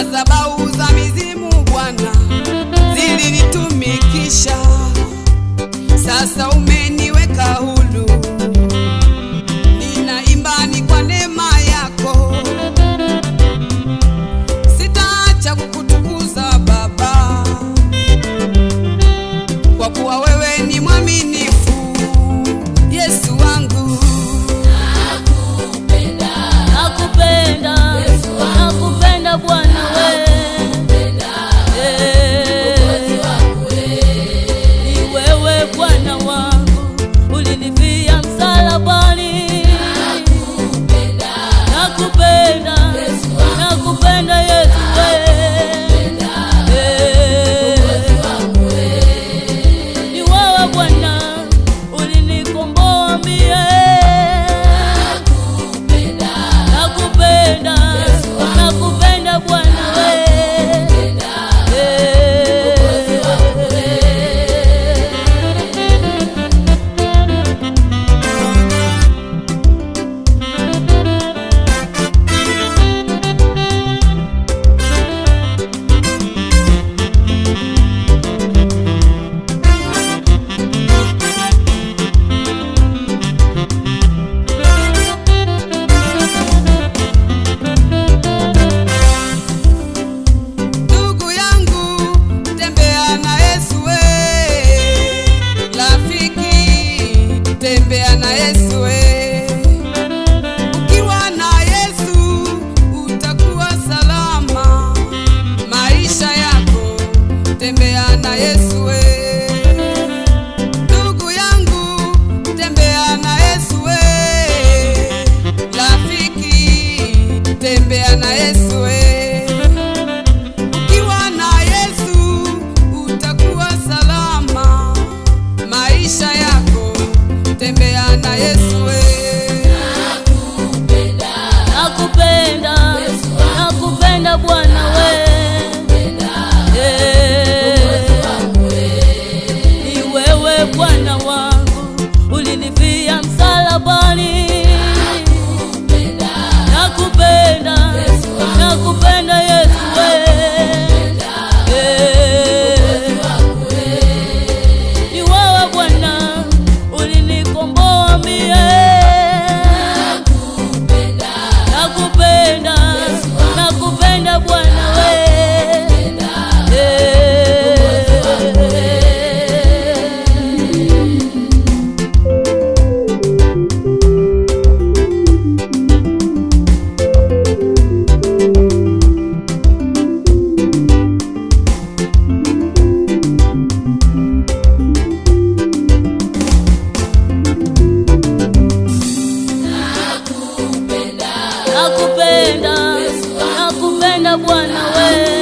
Madhabahu za mizimu Bwana zilinitumikisha, sasa umeniweka huru. I swear. Bwana wewe